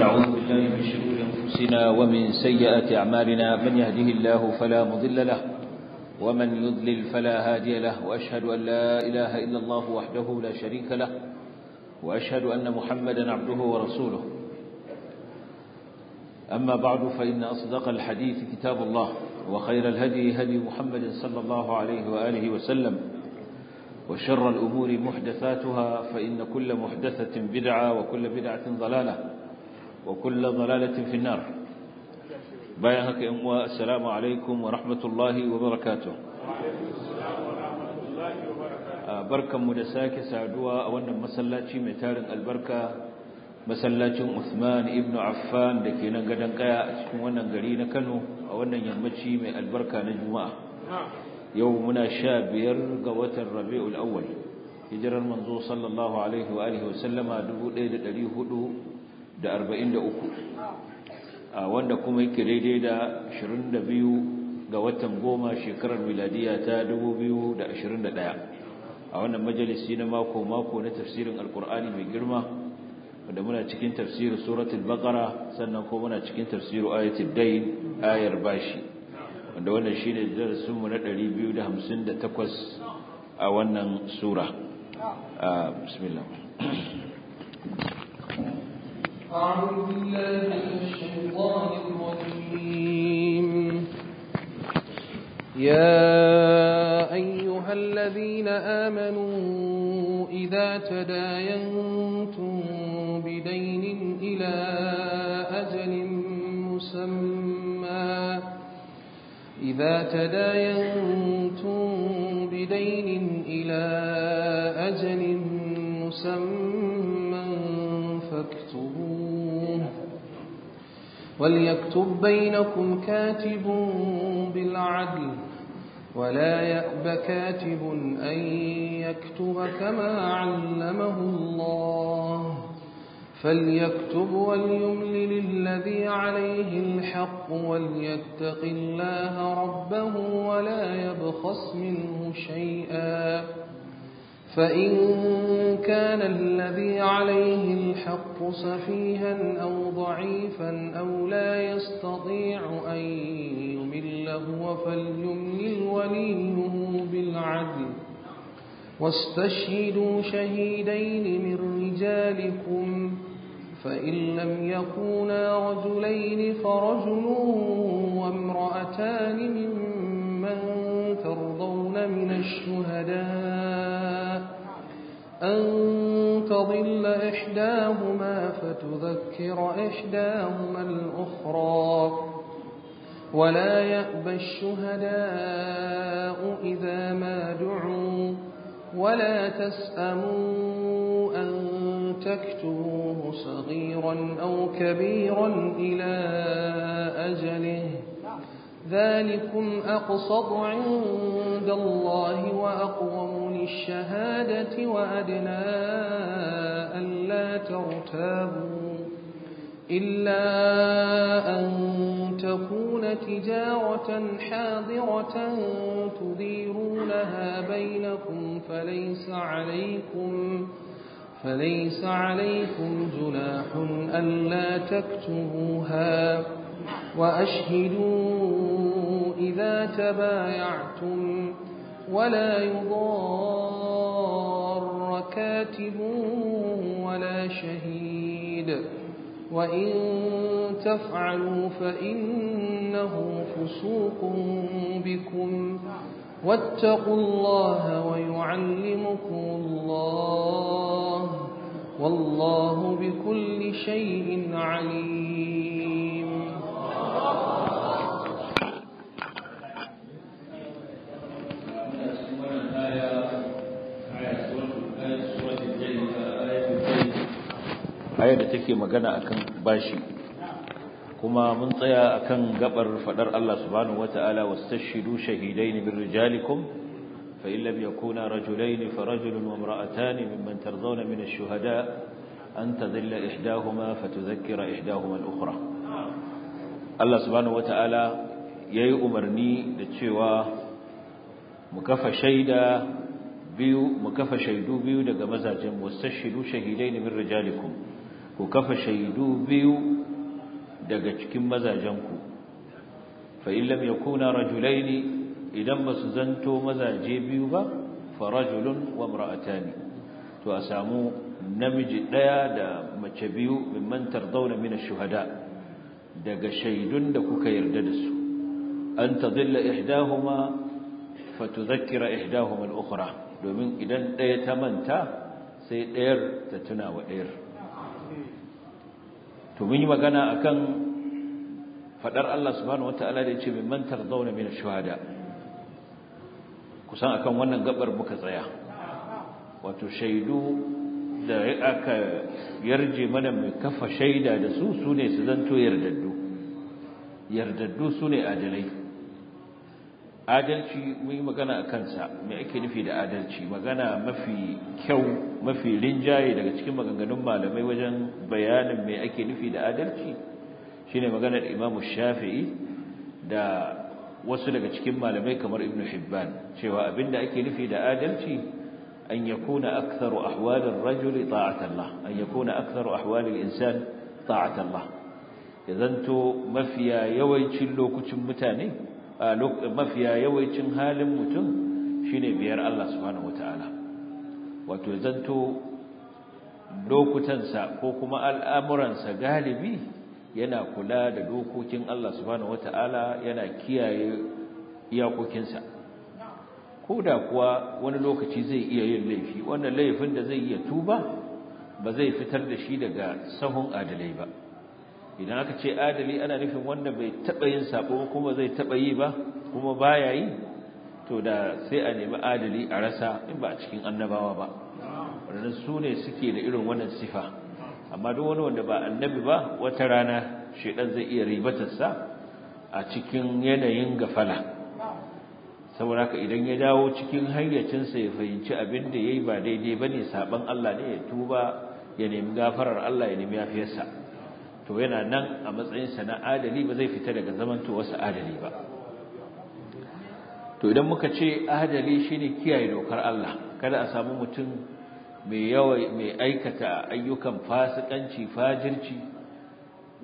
ونعوذ بالله من شرور أنفسنا ومن سيئات أعمالنا من يهده الله فلا مضل له ومن يضلل فلا هادي له وأشهد أن لا إله إلا الله وحده لا شريك له وأشهد أن محمدا عبده ورسوله أما بعد فإن أصدق الحديث كتاب الله وخير الهدي هدي محمد صلى الله عليه وآله وسلم وشر الأمور محدثاتها فإن كل محدثة بدعة وكل بدعة ضلالة wa kulla dalalatin fi nar bayan haka yan uwa assalamu alaikum wa rahmatullahi wa barakatuh barkanmu da sake saduwa a wannan masallaci mai tarin albarka masallacin Usman ibnu Affan da ke nan gadon kaya a cikin wannan gari na Kano a wannan yammaci mai albarka na Juma'a yau muna sha biyar ga watan Rabiul Awwal hijirar manzo sallallahu alaihi wa alihi wa sallama 1400 da arba'in da wanda kuma yake daidai da ashirin ga watan goma shekarar miladiya ta dubu a wannan majalisi na mako-mako na tafsirin alkur'ani mai girma wanda muna cikin tafsirin suratul bakara sannan ko muna cikin tafsirin ayatul dai ayar bashi wanda wannan shine mu na ɗari biyu da hamsin da takwas a wannan sura bismillah أعوذ بالله من الشيطان الرجيم يا أيها الذين آمنوا إذا تداينتم بدين إلى أجل مسمى إذا تداينتم بدين إلى أجل مسمى وليكتب بينكم كاتب بالعدل ولا يأب كاتب أن يكتب كما علمه الله فليكتب وليملل الذي عليه الحق وليتق الله ربه ولا يبخس منه شيئا فإن كان الذي عليه الحق سفيها أو ضعيفا أو لا يستطيع أن يمل هو فليمل وليه بالعدل واستشهدوا شهيدين من رجالكم فإن لم يكونا رجلين فرجل وامرأتان ممن ترضون من الشهداء أن تضل إحداهما فتذكر إحداهما الأخرى ولا يأبى الشهداء إذا ما دعوا ولا تسأموا أن تكتبوه صغيرا أو كبيرا إلى أجله ذلكم أقصد عند الله وأقوم للشهادة وأدنى ألا ترتابوا إلا أن تكون تجارة حاضرة تديرونها بينكم فليس عليكم فليس عليكم جناح ألا تكتبوها وأشهدوا إذا تبايعتم ولا يضار كاتب ولا شهيد وإن تفعلوا فإنه فسوق بكم واتقوا الله ويعلمكم الله والله بكل شيء عليم ayar da take magana akan bashi kuma mun tsaya akan gabar fadar Allah subhanahu wataala wastashidu shahidain bir rijalikum fa illa lam yakuna rajulain fa rajulun wa imra'atan mimman tardawna min ash-shuhada an tadilla ihdahuma fatudhakkira ihdahuma al-ukhra Allah subhanahu wata'ala yi umarni da cewa mu kafa shaida biyu mu kafa shaidu biyu daga mazajen shahidai shahidain min rijalikum ku kafa shaidu biyu daga cikin mazajen ku fa in lam yakuna rajulaini idan basu zanto mazaje biyu ba fa wa imra'atani to a samu namiji daya da mace biyu mimman tardawna min shuhada daga shaidun da kuka yarda da su an tadilla ihdahuma fatudhakkira ihdahuma al-ukhra domin idan ɗaya ta manta sai ɗayar ta tuna wa ɗayar to mun yi magana akan fadar Allah subhanahu wataala da yace mimman tardawna min ash-shuhada kusan akan wannan gabar muka tsaya wato shaidu da aka yarje mana mai kafa shaida da su su ne su zanto yardaddu yardaddu su ne adalai adalci mun yi magana a kansa mai ake nufi da adalci magana mafi kyau mafi rinjaye daga cikin maganganun malamai wajen bayanin mai ake nufi da adalci shine maganar imamu shafi'i da wasu daga cikin malamai kamar Ibn hibban cewa abinda ake nufi da adalci أن يكون أكثر أحوال الرجل طاعة الله أن يكون أكثر أحوال الإنسان طاعة الله إذن مفيا يويتشن لوكتن متاني آه، مفيا يويتشن هال متن شيني بير الله سبحانه وتعالى وتزنت lokutansa ko kuma al'amuransa ينا yana kula da dokokin Allah subhanahu wataala yana kiyaye iyakokinsa ko da kuwa wani lokaci zai iya yin laifi wannan laifin da zai iya tuba ba zai fitar da shi daga sahun adalai ba idan aka ce adali ana nufin wanda bai taɓa yin sabo kuma zai taɓa yi ba kuma ba ya yi to da sai a nemi adali a rasa in ba a cikin annabawa ba wadannan su ne suke da irin wannan sifa amma duk wani wanda ba annabi ba wata rana shaidan zai iya ribatarsa a cikin yanayin gafala saboda haka idan ya dawo cikin hayyacinsa ya fahimci abin da ya yi ba daidai ba ne sabon Allah ne ya tuba ya nemi gafarar Allah ya nemi yafiyarsa to yana nan a matsayin sana na adali ba zai fita daga zamanto wasu adali ba to idan muka ce adali shine kiyaye dokar Allah kada a samu mutum mai yawai mai aikata ayyukan fasikanci fajirci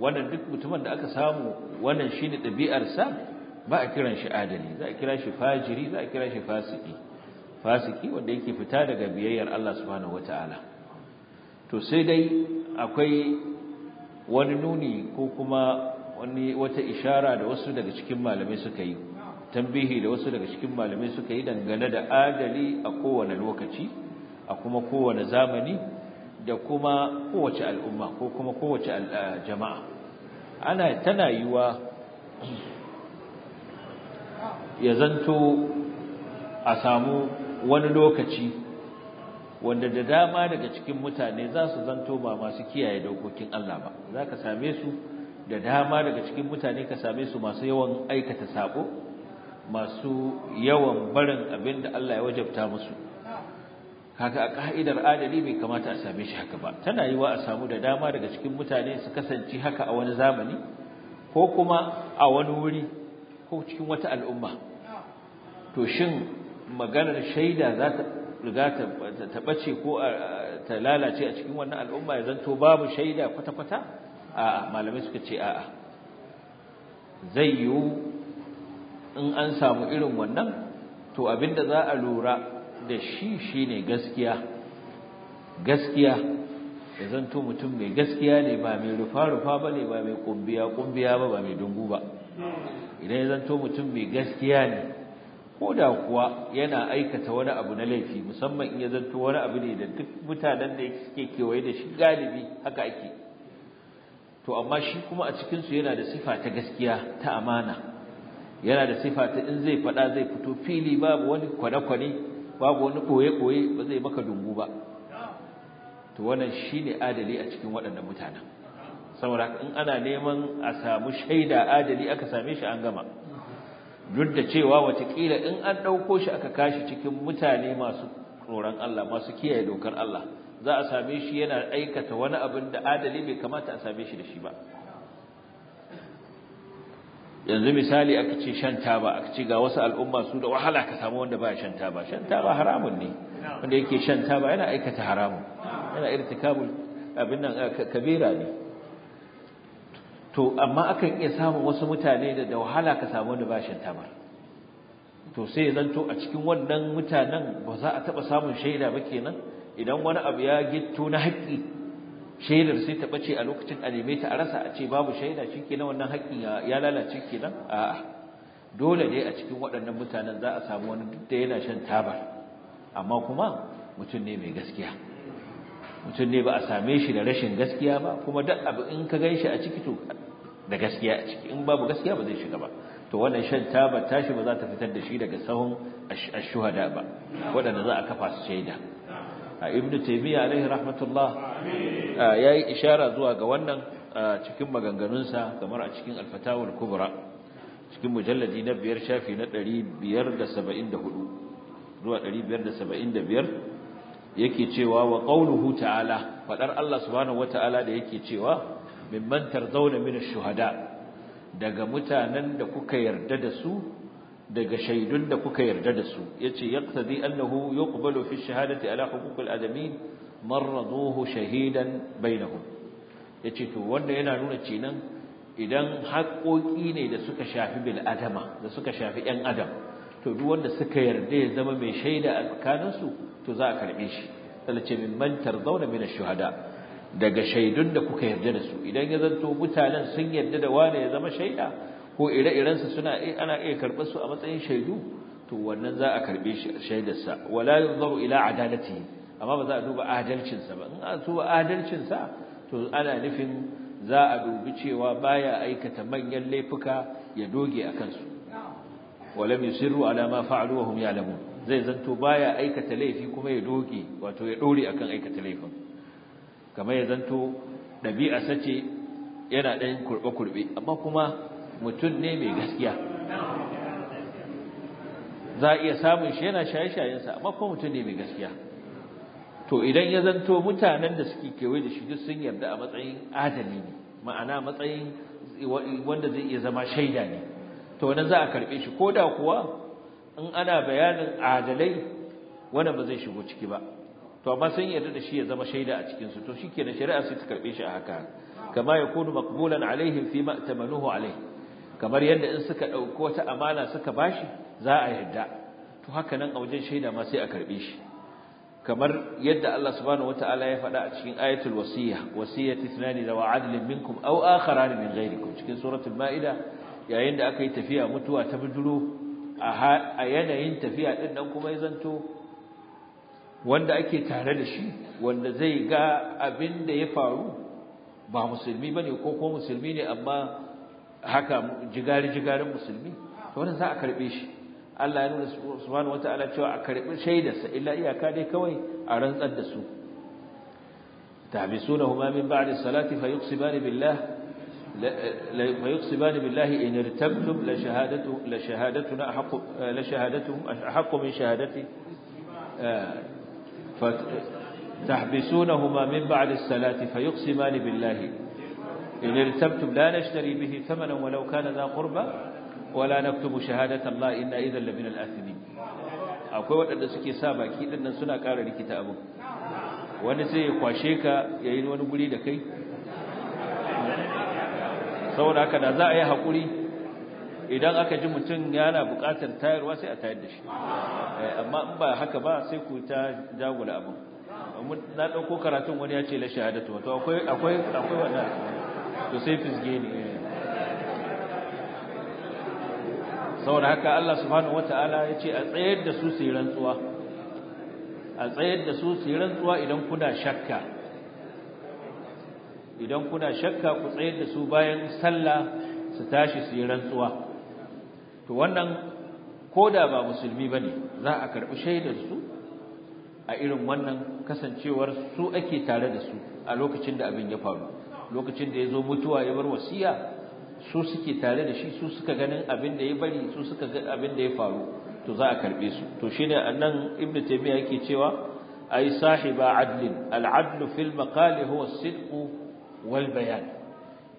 wannan duk mutumin da aka samu wannan shine ɗabi'arsa ba a kiran shi adali za a kira shi fajiri za a kira shi fasiki fasiki wanda yake fita daga biyayyar Allah subhanahu wataala to sai dai akwai wani nuni ko kuma wani wata ishara da wasu daga cikin malamai suka yi tambihi da wasu daga cikin malamai suka yi dangane da adali a kowane lokaci a kuma kowane zamani da kuma kowace al'umma ko kuma kowace ah, jama'a ana tana yiwa ya zanto a samu wani lokaci wanda da dama daga cikin mutane za su zanto ba masu kiyaye dokokin Allah ba za ka same su da dama daga cikin mutane ka same su masu yawan aikata sabo masu yawan barin abin da Allah ya wajabta musu kaga a ka'idar adali bai kamata a same shi haka ba tana yiwa a samu da dama daga cikin mutane su kasance haka a wani zamani ko kuma a wani wuri ko cikin wata al'umma to shin maganar shaida za ta riga ta bace ko ta lalace a cikin wannan al'umma ya zanto babu shaida kwata-kwata a malamai suka ce a'a zai yiwu in an samu irin wannan to abinda za a lura da shi shine gaskiya gaskiya ya zanto mutum mai gaskiya ne ba mai rufa-rufa ba ne ba mai kumbiya-kumbiya ba ba mai dungu ba idan ya zanto mutum mai gaskiya ne ko da kuwa yana aikata wani abu na laifi musamman in ya zanto wani abu ne da duk mutanen da suke kewaye da shi galibi haka ake to amma shi kuma a cikinsu yana da sifa ta gaskiya ta amana yana da sifa ta in zai faɗa zai fito fili babu wani kwane-kwane babu wani ɓoye-ɓoye ba zai maka dungu ba to wannan shi ne adali a cikin waɗannan mutanen saboda in ana neman a samu shaida adali aka same shi an gama duk da cewa watakila in an ɗauko shi aka kashi cikin mutane masu tsoron Allah masu kiyaye dokar Allah za a same shi yana aikata wani abin da adali bai kamata a same shi da shi ba yanzu misali aka ce shan taba aka ce ga wasu al'umma su da wahala ka samu wanda ba shan taba shan taba haramun ne wanda yake shan taba yana aikata haramun yana irtikabul abin nan kabira ne to amma akan iya samun wasu mutane da da wahala ka samu da bashin shan tabar to sai ya zanto a cikin wannan mutanen ba za a taba samun shaida ba kenan idan wani abu ya gitto na haƙƙi shaidar sai ta bace a lokacin a ta a rasa a ce babu shaida shi kenan wannan haƙƙin ya lalace kenan a'a dole ne a cikin waɗannan mutanen za a samu wani duk da yana shan tabar amma kuma mutum ne mai gaskiya mutum ne ba a same shi da rashin gaskiya ba kuma duk abu in ka shi a ciki to da gaskiya a ciki in babu gaskiya ba zai shiga ba to wannan shan ta taba tashi ba za ta fitar da shi daga sahun ash-shuhada ba wadanda za a kafa su shaida a ibnu taymiya alaihi rahmatullah yayi ishara zuwa ga wannan cikin maganganunsa kamar a cikin al-fatawul kubra cikin mujalladi na biyar shafi na 574 zuwa 575 yake cewa wa qauluhu ta'ala fadar Allah subhanahu wata'ala da yake cewa mimman tarzauna min ash-shuhada daga mutanen da kuka yarda da su daga shaidun da kuka yarda da su yace yaqtadi annahu yuqbalu fi ash-shahadati ala huquq al-adamin marraduhu shahidan bainahum yace to wanda yana nuna cinan idan haƙoƙi ne da suka shafi bil adama da suka shafi 'yan adam to duk wanda suka yarda ya zama mai shaida a tsakaninsu to za a karbe shi Allah min mantar zaune min shuhada daga shaidun da kuka yarda da su idan ya zanto mutanen sun yarda da wane ya zama shaida ko ire-iren su suna ana iya karɓa su a matsayin shaidu to wannan za a karbe shaidarsa wala yunzaru ila adalati amma ba za a duba adalcinsa ba in a duba adalcinsa to ana nufin za a dubi cewa baya aikata manyan laifuka ya doge a kansu walam yusirru alama ma fa'alu wa hum ya'lamun zai zanto baya aikata laifi kuma ya doge wato ya dore akan aikata laifin kamar ya zanto dabi'a sace yana dan kurba kurbe amma kuma mutum ne mai gaskiya za a iya samun shi yana shaye-shayen sa amma kuma mutum ne mai gaskiya to idan ya zanto mutanen da suke kewaye da shi duk sun yarda a matsayin adali ne ma'ana matsayin wanda zai iya zama shaida ne to wannan za a karbe shi koda kuwa in ana bayanin adalai wanda ba zai shigo ciki ba to amma sun yarda da shi ya zama shaida a cikin su to shikenan shari'a sai ta karbe shi a haka kama yakunu maqbulan alaihim fi ma tamanuhu alaihi kamar yadda in suka dauko wata amana suka bashi za a yarda to haka nan a wajen shaida ma sai a karbe shi kamar yadda Allah subhanahu wataala ya faɗa a cikin ayatul Wasiyya wasiyati thnani zawa adlin minkum aw akharan min ghairikum cikin suratul maida yayin da aka yi tafiya mutuwa ta buduro a yanayin tafiya ɗin nan kuma ya zanto wanda ake tare da shi wanda zai ga abin da ya faru ba musulmi ba ne, ko ko musulmi ne amma haka jigari jigarin musulmi to za a karbe shi Allah ya nuna wata ala cewa a karbi shaidarsa illa iyaka dai kawai a rantsar da su bi suna humamin ba'di salati bani billah فيقسمان بالله إن ارتبتم لشهادته لشهادتنا أحق لشهادتهم أحق من شهادتي آه. فتحبسونهما من بعد الصلاة فيقسمان بالله إن ارتبتم لا نشتري به ثمنا ولو كان ذا قربى ولا نكتب شهادة الله إنا إذا لمن الآثمين akwai waɗanda suke sa baki ɗannan suna ƙara rikita abin wani sai ya kwashe ka ya wani guri da kai saboda haka da za a yi hakuri idan aka ji mutum yana buƙatar tayarwa sai a tayar da shi eh, amma in ba haka ba sai ku ta jagula abin na ɗauko karatun wani ya ce la shahada wato akwai akwai wanda to sai fisge ne eh. saboda haka Allah subhanahu wataala ya ce a tsayar da su su yi rantsuwa a tsayar da su su yi rantsuwa idan kuna shakka idan kuna shakka ku tsayar da su bayan sallah su tashi su yi rantsuwa to wannan koda ba musulmi bane za a karbi shaidar su a irin wannan kasancewar su ake tare da su a lokacin da abin ya faru lokacin da ya zo mutuwa ya bar wasiya su suke tare da shi su suka ganin abin da ya bari su suka ga abin da ya faru to za a karbe su to shine annan ibnu taymiya yake cewa ay sahiba adl al-adl fil maqali huwa as wal bayan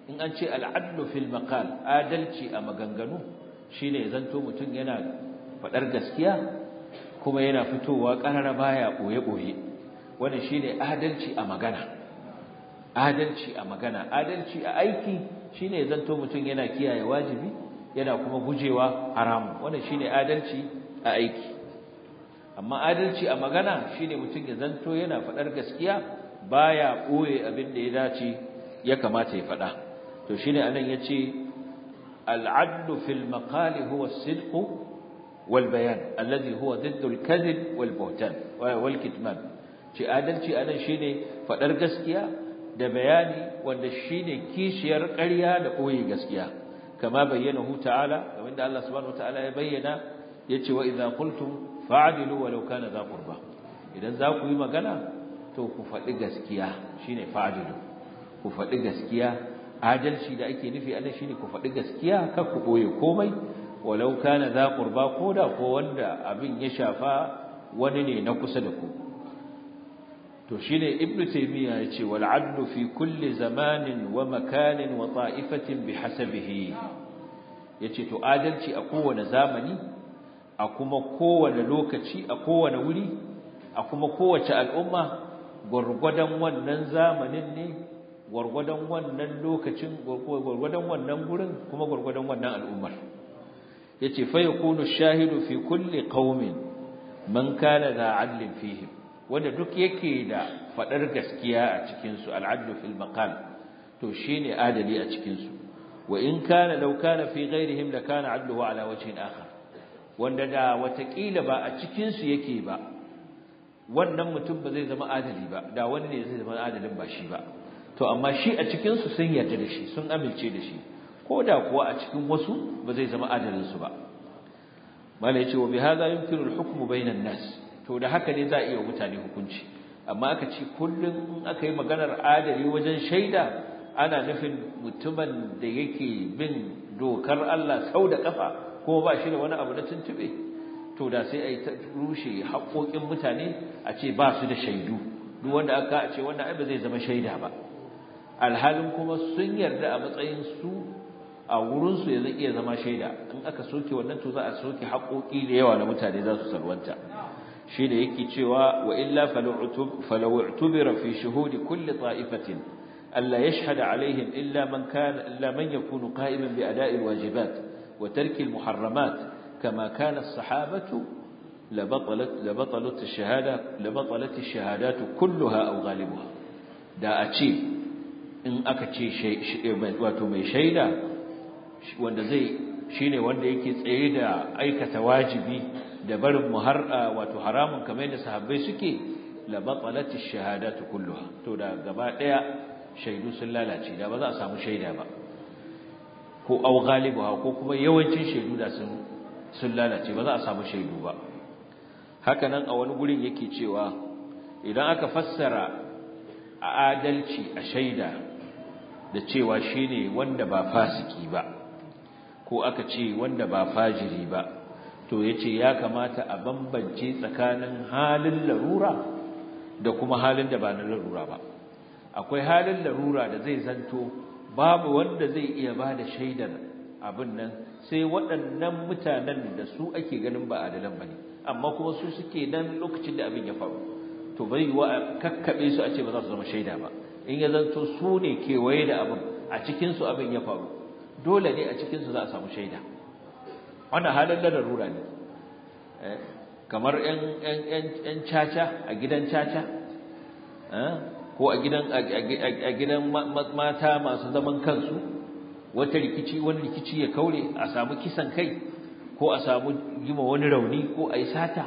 in an ce al'adlu fil maqal adalci a maganganu shine zanto mutum yana fadar gaskiya kuma yana fitowa karara baya boye boye wannan shine adalci a magana adalci a magana adalci a aiki shine zanto mutum yana kiyaye wajibi yana kuma gujewa haramu wannan shine adalci a aiki amma adalci a magana shine mutum ya zanto yana fadar gaskiya baya boye abin da ya dace ya kamata ya faɗa to shine anan yace al-adlu fil maqali huwa as walbayan wal huwa diddu al-kadhib wal adalci anan shine faɗar gaskiya da bayani wanda shine kishiyar ƙarya da koyi gaskiya kama bayyana hu ta'ala kamar da Allah subhanahu ta'ala ya bayyana yace wa iza qultum fa'dilu walau kana za idan za ku yi magana to ku faɗi gaskiya shine fa'dilu ku faɗi gaskiya adalci da ake nufi a ne ku faɗi gaskiya kar ku boye komai walau kana za qurba ko da ko wanda abin ya shafa wani ne na kusa da ku to ne ibnu taymiya yace ce, adlu fi kulli zamanin wa makanin wa ta'ifatin bihasabihi yace to adalci a kowane zamani a kuma kowane lokaci a kowane wuri a kuma kowace al'umma gwargwadon wannan zamanin ne gwargwadon wannan lokacin gwargwadon wannan gurin kuma gwargwadon wannan al'ummar Ya fa yakunu shahidu fi kulli qaumin man kana da adlin fihim wanda duk yake da fadar gaskiya a cikin su al'adlu fil maqam to shine adali a cikin su wa in kana law kana fi ghairihim la kana adluhu ala wajhin akhar wanda da watakila ba a cikin su yake ba wannan mutum ba zai zama adali ba da wani ne zai zama adalin ba shi ba to amma shi a cikin su sun yarda da shi sun amince da shi da kuwa a cikin wasu ba zai zama adalin su ba malai yace wa bi haza yumkinu al-hukmu bayna nas to da haka ne za a iya mutane hukunci amma aka ce kullum in aka yi maganar adali wajen shaida ana nufin mutumin da yake bin dokar Allah sau da kafa Ko ba shi da wani abu na tuntube to da sai a ta rushe haƙoƙin mutane a ce ba su da shaidu duk wanda aka ce wanda ai ba zai zama shaida ba alhalin kuma sun yarda a matsayin su a wurin su ya iya zama shaida in aka soke wannan to za a soke haƙoƙi da yawa da mutane za su salwanta shi da yake cewa wa illa falaw utubira fi shuhudi kulli ta'ifatin alla yashhada alaihim illa man kana illa man yakunu qa'iman bi ada'i alwajibat wa tarki almuharramat kama kana as-sahabatu labatalat labatalat ash-shahada labatalat ash-shahadat kulluha aw ghalibuha da a ce in aka ce eh, wato mai shaida wanda zai shi ne wanda yake tsaye da aikata wajibi da barin ah, wato haramun kamar da sahabbai suke la shahadatu kulluha to da gaba daya shaidu sun lalace da ba za a samu shaida ba ko au galibuha ko kuma yawancin shaidu da sun sun lalace ba za a samu shaidu ba haka nan a wani gurin yake cewa idan aka fassara a adalci a shaida da cewa shi ne wanda ba fasiki ba ko aka ce wanda ba fajiri ba to ya ce ya kamata a bambance tsakanin halin larura da kuma halin da ba na larura ba akwai halin larura da zai zanto babu wanda zai iya ba da shaidar abin nan sai waɗannan mutanen da su ake ganin ba adalan bane amma kuma su suke nan lokacin da abin ya faru to bai wa kakkabe su a ce ba za su zama shaida ba in ya zanto su ne kewaye da abin a cikinsu abin ya faru dole ne a cikinsu za a samu shaida wannan halin da rura ne eh, kamar ‘yan caca a gidan caca eh, ko a gidan mata masu zaman kansu wata rikici wani rikici ya kaure a samu kisan kai ko a samu gima wani rauni ko a yi sata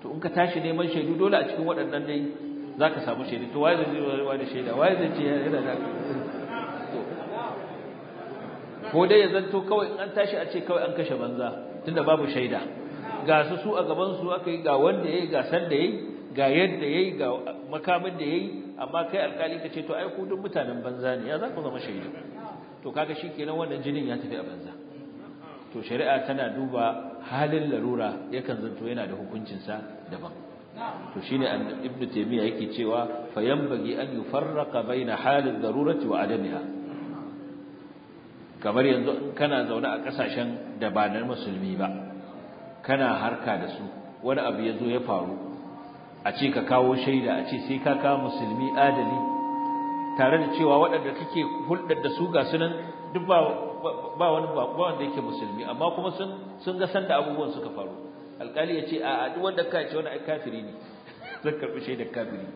to in ka tashi neman shaidu dole a cikin waɗannan ne zaka samu shaidu? to waye zai ba da shaida waye zai ce yana da ko dai ya zanto kawai in an tashi a ce kawai an kashe banza tunda babu shaida ga su su a gaban su aka yi ga wanda yayi ga san da yayi ga yadda yayi ga makamin da yayi amma kai alkali ka ce to ai ku duk mutanen banza ne ya za ku zama shaidu to kaga shi shikenan wannan jinin ya tafi a banza to shari'a tana duba halin larura yakan zanto yana da hukuncinsa daban to shine ibnu taymiya yake cewa fa yanbaghi an yufarraqa baina halin darurati wa adamiha kamar yanzu kana zaune a kasashen da ba na musulmi ba kana harka da su wani abu yazo ya faru a ce ka kawo shaida a ce sai ka kawo musulmi adali tare da cewa waɗanda kake hulɗar da su ga sunan duk ba wani ba wanda yake musulmi amma kuma sun sun ga sanda abubuwan suka faru alkali ya ce a duk wanda ka ce wani kafiri ne zan karbi shaida kafiri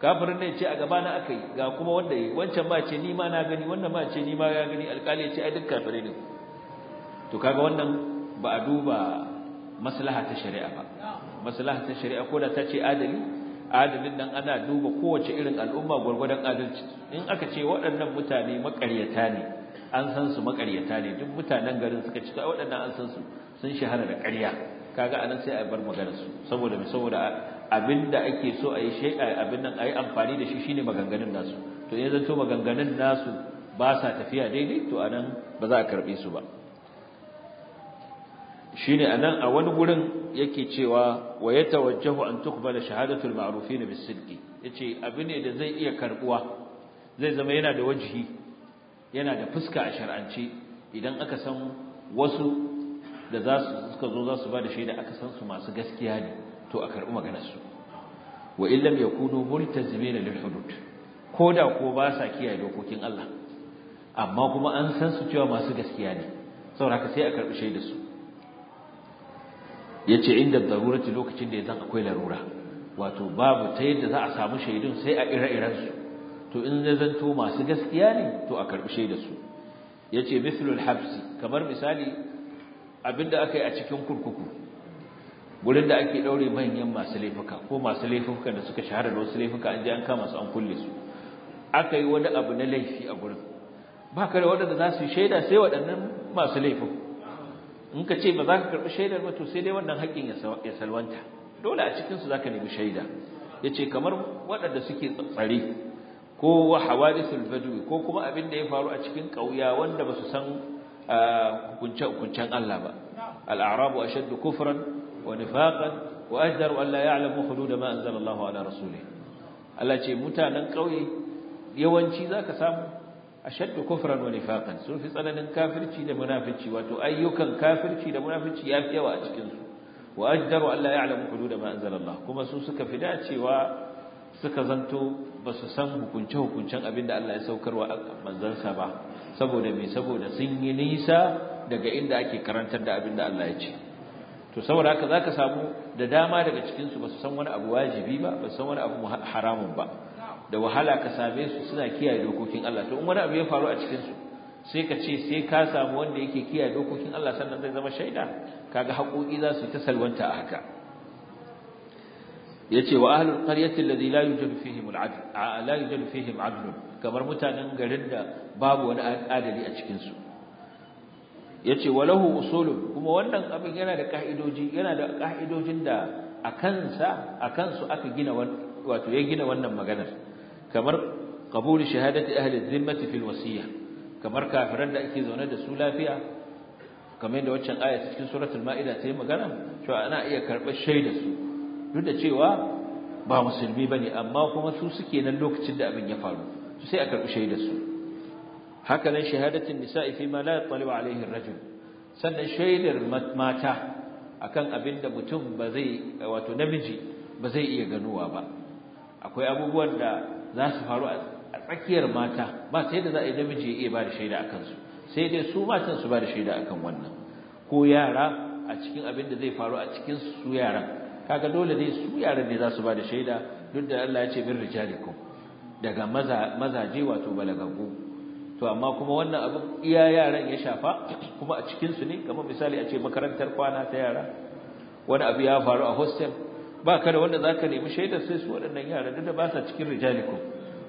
kafirin ne ce a gaba na aka yi ga kuma wanda yi wancan ma ce ni ma na gani wanda ma ce ni ma ya gani alkali ya ce a duk kafiri ne to kaga wannan ba a duba maslaha ta shari'a ba maslaha ta shari'a ko da ta ce adali adalin nan ana duba kowace irin al'umma gwargwadon adalci in aka ce waɗannan mutane makaryata ne an san su makaryata ne duk mutanen garin suka ci waɗannan an san su sun shahara da ƙarya kaga anan sai a bar maganar su saboda saboda abinda ake so a yi shi abin nan a yi amfani da shi shine maganganun nasu to ya zato maganganun nasu ba sa tafiya daidai to anan ba za a karbe su ba shine anan a wani gurin yake cewa wa tawajjahu an tuqbala shahadatu al-ma'rufin bis-sidqi yace abu ne da zai iya karbuwa zai zama yana da wajihi yana da fuska a shar'anci idan aka san wasu da za su suka zo za su ba da shaida aka san su masu gaskiya ne to a karɓi maganarsu wa illam yakunu multazimina lil hudud ko da ko ba sa kiyaye dokokin Allah amma kuma an san su cewa masu gaskiya ne saboda haka sai a karɓi shaida su yace inda darurati lokacin da zan akwai larura wato babu ta yadda za a samu shaidun sai a ire-iren su to in zai zanto masu gaskiya ne to a karɓi shaida su yace mithlul habsi kamar misali abinda aka yi a cikin kurkuku gurin da ake daure manyan masu laifuka ko masu laifuka da suka shahara da wasu laifuka an je an kama su an kulle su aka yi wani abu na laifi a gurin ba ka da waɗanda za su yi shaida sai waɗannan masu laifin in ka ce ba za ka karɓi shaidar ba to sai dai wannan haƙƙin ya salwanta dole a cikinsu za ka nemi shaida ya ce kamar waɗanda suke tsare ko wa da ko kuma abin da ya faru a cikin ƙauya wanda ba su san hukunce hukuncen Allah ba al-a'rabu ashaddu kufran wa nifaqan wa Allah ya alamu hudu da ma anzala Allah ala rasulihi Allah ce mutanen ƙauye, yawanci za ka samu ashaddu kufran wa nifaqan sun fi tsananin kafirci da munafici wato ayyukan kafirci da munafici fi yawa a cikinsu. su wa Allah ya alamu hudu da ma anzala Allah kuma su suka fi dacewa suka zanto ba su san hukunce hukuncen abinda Allah ya saukar wa manzansa ba saboda me saboda sun yi nisa daga inda ake karantar da abin da Allah ya ce to saboda haka zaka samu da dama daga cikin su san wani abu wajibi ba ba su san wani abu haramun ba da wahala ka same su suna kiyaye dokokin Allah to in wani abu ya faru a cikinsu, sai ka ce sai ka samu wanda yake kiyaye dokokin Allah sannan zai zama shaida kaga haƙoƙi za su ta salwanta a haka yace wa ahlul qaryati alladhi la yujadu fihim al'adl la yujadu fihim adl kamar mutanen garin da babu wani adali a cikin su yace walahu usulun kuma wannan abin yana da ka'idoji yana da ka'idojin da akan sa akan su aka gina wato ya gina wannan maganar kamar qabul shahadati ahli dhimmati fil wasiyya kamar kafiran da ake zaune da su lafiya kamar yadda waccan aya cikin suratul ma'ida ta yi magana cewa ana iya karɓar shaidar su duk da cewa ba musulmi bane amma kuma su suke nan lokacin da abin ya faru su sai a karɓi shaidar su haka nan shahadatin nisa'i fi ma la yattali alaihi ar-rajul sannan shaidar mata akan abin da mutum ba zai wato namiji ba zai iya ganowa ba akwai abubuwan da za su faru a tsakiyar mata ba sai da za a yi namiji ya iya ba da shaida akan su sai dai su matan su ba da shaida akan wannan ko yara a cikin abin da zai faru a cikin su yaran kaga dole dai su yaran ne za su ba da shaida duk da Allah ya ce bin rijalikum daga mazaje wato balagagu to amma kuma wannan abu iya yaran ya shafa kuma a cikin su ne kamar misali a ce makarantar kwana ta yara wani abu ya faru a hostel ba ka da wanda zaka nemi shaida sai su waɗannan yara duk da ba sa cikin rijalikum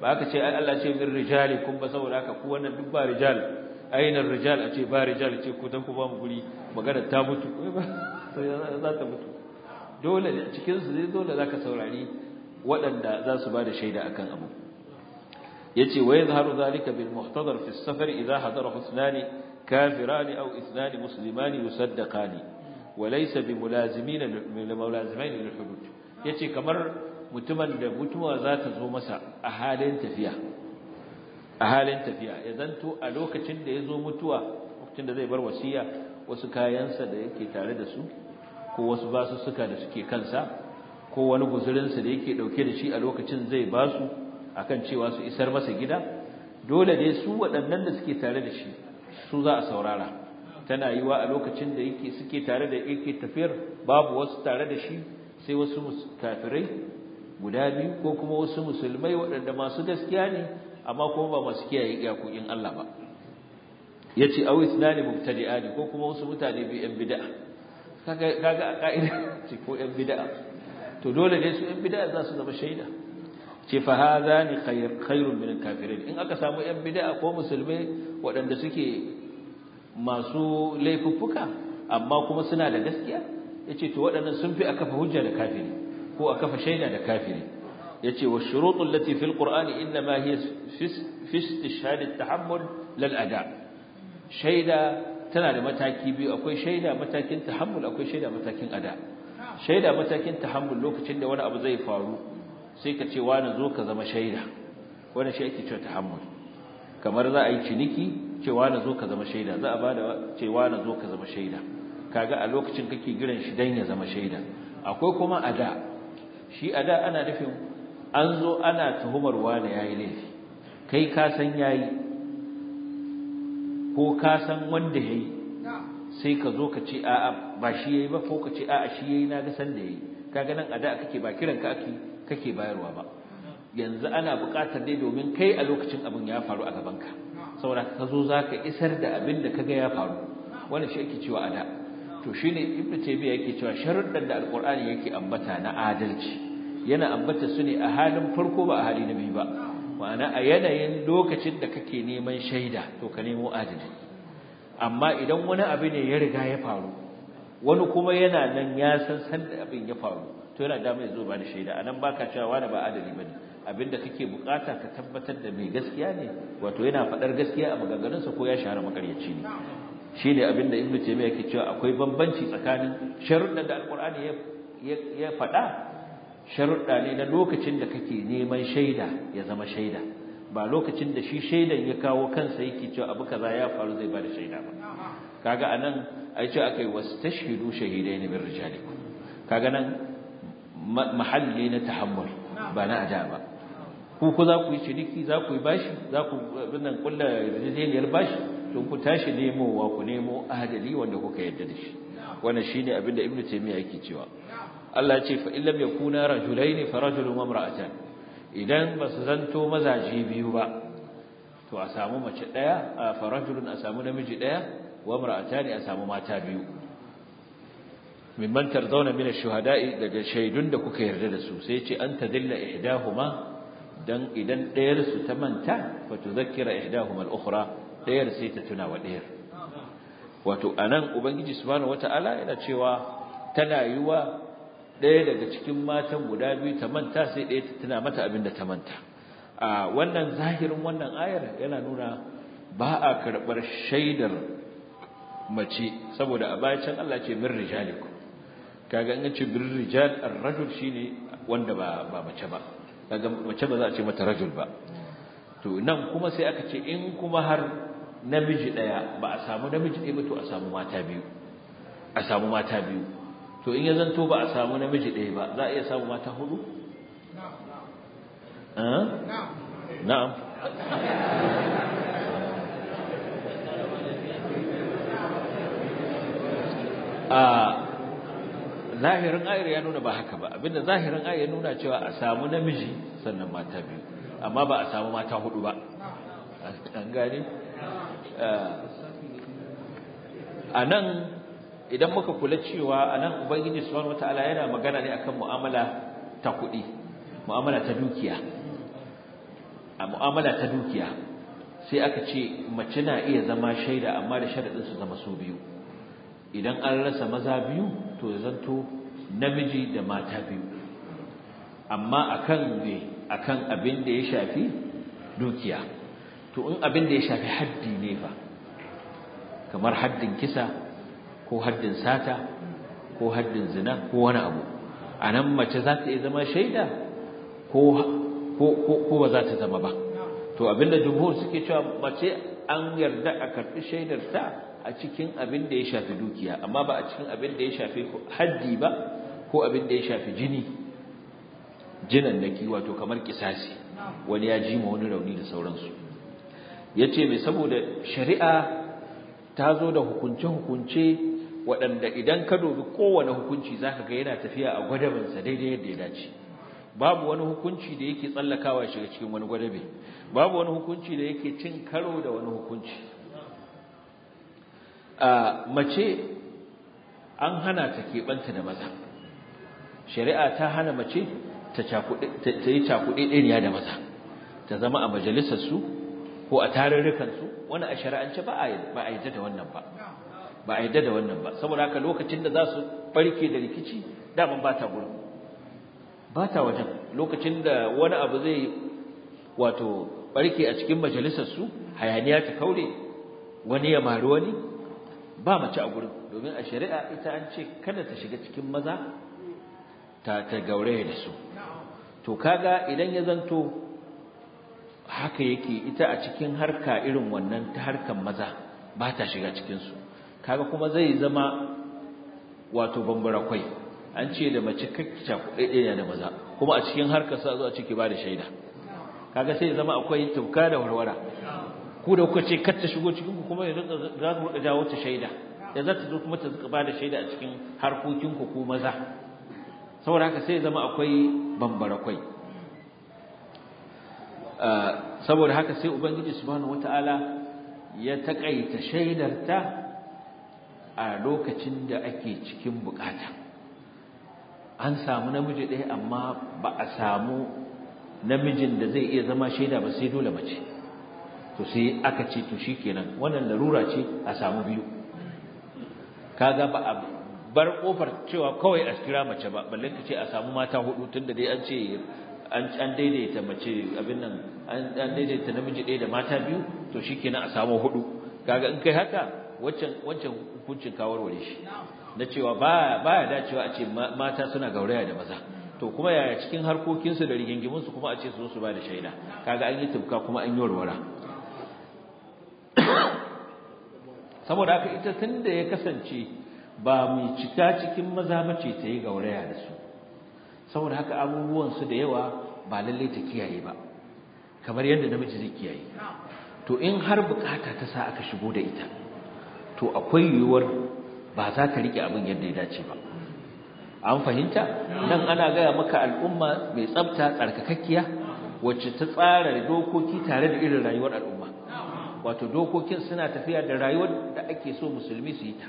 ba aka ce Allah ce bin rijalikum ba saboda haka ku wannan duk ba rijal ainar rijal a ce ba rijal ce ku dan ku ba mu guri magana ta mutu ba sai za ta mutu dole ne cikin su zai dole zaka saurari waɗanda za su bada shaida akan abu yace wa yadhharu zalika bil muhtadar fi as-safar idha hadara husnani kafirani aw ithnan muslimani yusaddaqani wa laysa bi mulazimina li mulazimaini lil hudud yace kamar mutumin da mutuwa za ta zo masa a halin tafiya a halin tafiya ya zanto a lokacin da ya zo mutuwa lokacin da zai bar wasiya wasu kayansa da yake tare da su ko wasu suka da suke kansa ko wani guzurinsa da yake dauke da shi a lokacin zai basu akan cewa su isar masa gida dole dai su waɗannan da suke tare da shi su za a saurara tana yiwa a lokacin da yake suke tare da yake tafiyar babu wasu tare da shi sai wasu kafirai guda biyu ko kuma wasu musulmai waɗanda masu gaskiya ne amma kuma ba masu kiyaye iyakokin Allah ba yace awi nani mubtadi'ani ko kuma wasu mutane bi'an bid'a kaga kaga kaida ce ko yan bid'a to dole ne su yan bid'a za su zama shaida ce fa hadani khayr khairun min kafirin in aka samu yan bid'a ko musulmai waɗanda suke masu laifuffuka amma kuma suna da gaskiya yace to waɗannan sun fi aka fa hujja da kafiri ko aka fa shaida da kafiri yace wa shurutul lati fil qur'ani inna ma hiya fi istishhad at-tahammul lil ada shaida tana da mataki biyu akwai shaida matakin tahammul akwai shaida matakin ada shaida matakin tahammul lokacin da wani abu zai faru sai ka ce wani zo ka zama shaida wani shi ake cewa tahammul kamar za a yi ciniki ce wani zo ka zama shaida za a bada ce wani zo ka zama shaida kaga a lokacin kake giran shi dan ya zama shaida akwai kuma ada shi ada ana nufin an zo ana tuhumar wani yayi laifi kai ka san yayi ko ka san wanda yayi sai ka zo ka ce a'a ba shi yayi ba ko ka ce a'a shi yayi na ga san da yayi kaga nan a da kake ba kiran ka ake kake bayarwa ba yanzu ana bukatar dai domin kai a lokacin abin ya faru a gaban ka saboda ka zo zaka isar da abin da kaga ya faru wannan shi ake cewa ada to shine ibnu taymiya yake cewa sharuddan da alqur'ani yake ambata na adalci yana ambata su ne a halin farko ba a hali na biyu ba ma'ana a yanayin lokacin da kake neman shaida to ka nemo adali amma idan wani abu ne ya riga ya faru wani kuma yana nan ya san san da abin ya faru to yana da mai zo ba da shaida anan baka cewa wani ba adali bane abinda kake bukata ka tabbatar da mai gaskiya ne wato yana fadar gaskiya a sa ko ya shahara makaryaci ne shi ne abinda ibnu taymiya yake cewa akwai bambanci tsakanin sharuɗan da alqur'ani ya ya faɗa sharuɗa ne na lokacin da kake neman shaida ya zama shaida ba lokacin da shi shaidan ya kawo kansa yake cewa abu kaza ya faru zai ba da shaida ba kaga anan ai ce akai wastashhidu shahidain min rijalikum kaga nan mahalli na tahammul ba na ada ba ku ku za ku yi ciniki za ku yi bashi za ku binnan kullu rijaliyar bashi to ku tashi nemo wa ku nemo adali wanda kuka yadda da shi wannan shine abinda ibnu taymiya yake cewa Allah ce fa illam yakuna rajulaini fa rajulun wa imra'atan idan basu zanto mazaje biyu ba to a samu mace daya a fa a samu namiji daya wa ne a samu mata biyu mimman tarzauna min ash-shuhada'i daga shaidun da kuka yarda da su sai ce an tadilla ihdahuma dan idan dayar su ta manta fa tuzakkira ihdahuma al-ukhra dayar sai ta tuna wa dayar wato anan ubangiji subhanahu wata'ala yana cewa tana yiwa ɗaya daga cikin matan guda biyu ta manta sai ɗaya ta tuna mata abin da ta manta a wannan zahirin wannan ayar yana nuna ba a karɓar shaidar mace saboda a bayan Allah ce min rijaliku kaga in ce bir rijal ar-rajul shine wanda ba ba mace ba kaga mace ba za a ce mata rajul ba to nan kuma sai aka ce in kuma har namiji daya ba a samu namiji ɗaya ba to a samu mata biyu to in ya zanto ba a samu namiji ɗaya ba za a iya samu mata hudu eh? na'am a zahirin ayar ya nuna ba haka ba abinda zahirin ayar ya nuna cewa a samu namiji sannan mata biyu amma ba a samu mata hudu ba an gani eh. a nan idan muka kula cewa a anan ubangiji subhanahu wataala yana magana ne akan mu'amala ta kuɗi mu'amala ta dukiya a mu'amala ta dukiya sai aka ce mace na iya zama shaida amma da su zama su biyu idan an rasa maza biyu to zanto namiji da mata biyu amma akan ne akan abin da ya shafi dukiya to in abin da ya shafi haddi ne fa kamar haddin kisa ko haddin sata ko haddin zina ko wani abu a nan mace za ta iya zama shaida ko ba za ta zama ba to abinda jumhur suke cewa mace an yarda a karɓi shaidar ta a cikin abin da ya shafi dukiya amma ba a cikin abin da ya shafi haddi ba ko abin da ya shafi jini jinan kiwa wato kamar kisasi wani ya ji ma wani rauni da sauransu Ya ce mai saboda shari'a ta zo da hukunce hukunce waɗanda idan ka dubi kowane hukunci za ka ga yana tafiya a gwadabinsa daidai yadda ya dace babu wani hukunci da yake tsallakawa shi shiga cikin wani gwadabe babu wani hukunci da yake cin karo da wani hukunci a mace an hana ta keɓanta da maza shari'a ta hana mace ta yi cakuɗe ɗaniya da maza ta zama a majalisarsu ko a tarurrukansu wani a shari'ance ba a yadda da wannan ba ba a yadda da wannan ba saboda haka lokacin da za su barke da rikici daman ba ta gurin ba ta wajen lokacin da wani abu zai wato barke a cikin majalisar su hayaniya ta kaure wani ya mari wani ba mace a gurin domin a shari'a ita an ce kada ta shiga cikin maza ta ta gaure da su to kaga idan ya zanto haka yake ita a cikin harka irin wannan ta harkan maza ba ta shiga cikinsu? kaga kuma zai zama wato bambara kwai an ce da mace kakkica ne da maza kuma a cikin harkar sa zuwa ciki ba da shaida kaga sai zama akwai tuka da warwara ku da kuka ce kar ta shigo cikin ku kuma ya za ku rika jawo ta shaida ya za ta zo kuma ta ba da shaida a cikin harkokin ku ko maza saboda haka sai zama akwai bambara kwai ah, saboda haka sai ubangiji subhanahu wataala ya takaita shaidarta a lokacin da ake cikin bukata an samu namiji ɗaya amma ba a samu namijin da zai iya zama shaida ba sai dole mace to sai aka ce to shikenan wannan larura ce a samu biyu kaga ba a bar kofar cewa kawai a kira mace ba balle ka ce a samu mata hudu tunda dai an ce an daidaita mace abin nan an daidaita namiji ɗaya da mata biyu to kenan a samu hudu kaga in kai haka wancan wancan hukuncin kawarware shi na cewa ba baya dacewa a ce mata suna gauraya da maza to kuma yaya cikin harkokinsu da rigingiminsu kuma a ce su su ba da shaida kaga an yi tubka kuma an yi warwara saboda haka ita da ya kasance ba mai cika cikin maza mace ta yi gauraya da su saboda haka abubuwan su da yawa ba lallai ta kiyaye ba kamar yadda namiji zai kiyaye to in har bukata ta sa aka shigo da ita to akwai yiwuwar ba za ka rike abin yadda ya dace ba an fahimta nan ana gaya maka al'umma mai tsafta tsarkakakkiya wacce ta tsara dokoki tare da irin rayuwar al'umma wato dokokin suna tafiya da rayuwar da ake so musulmi su yi ta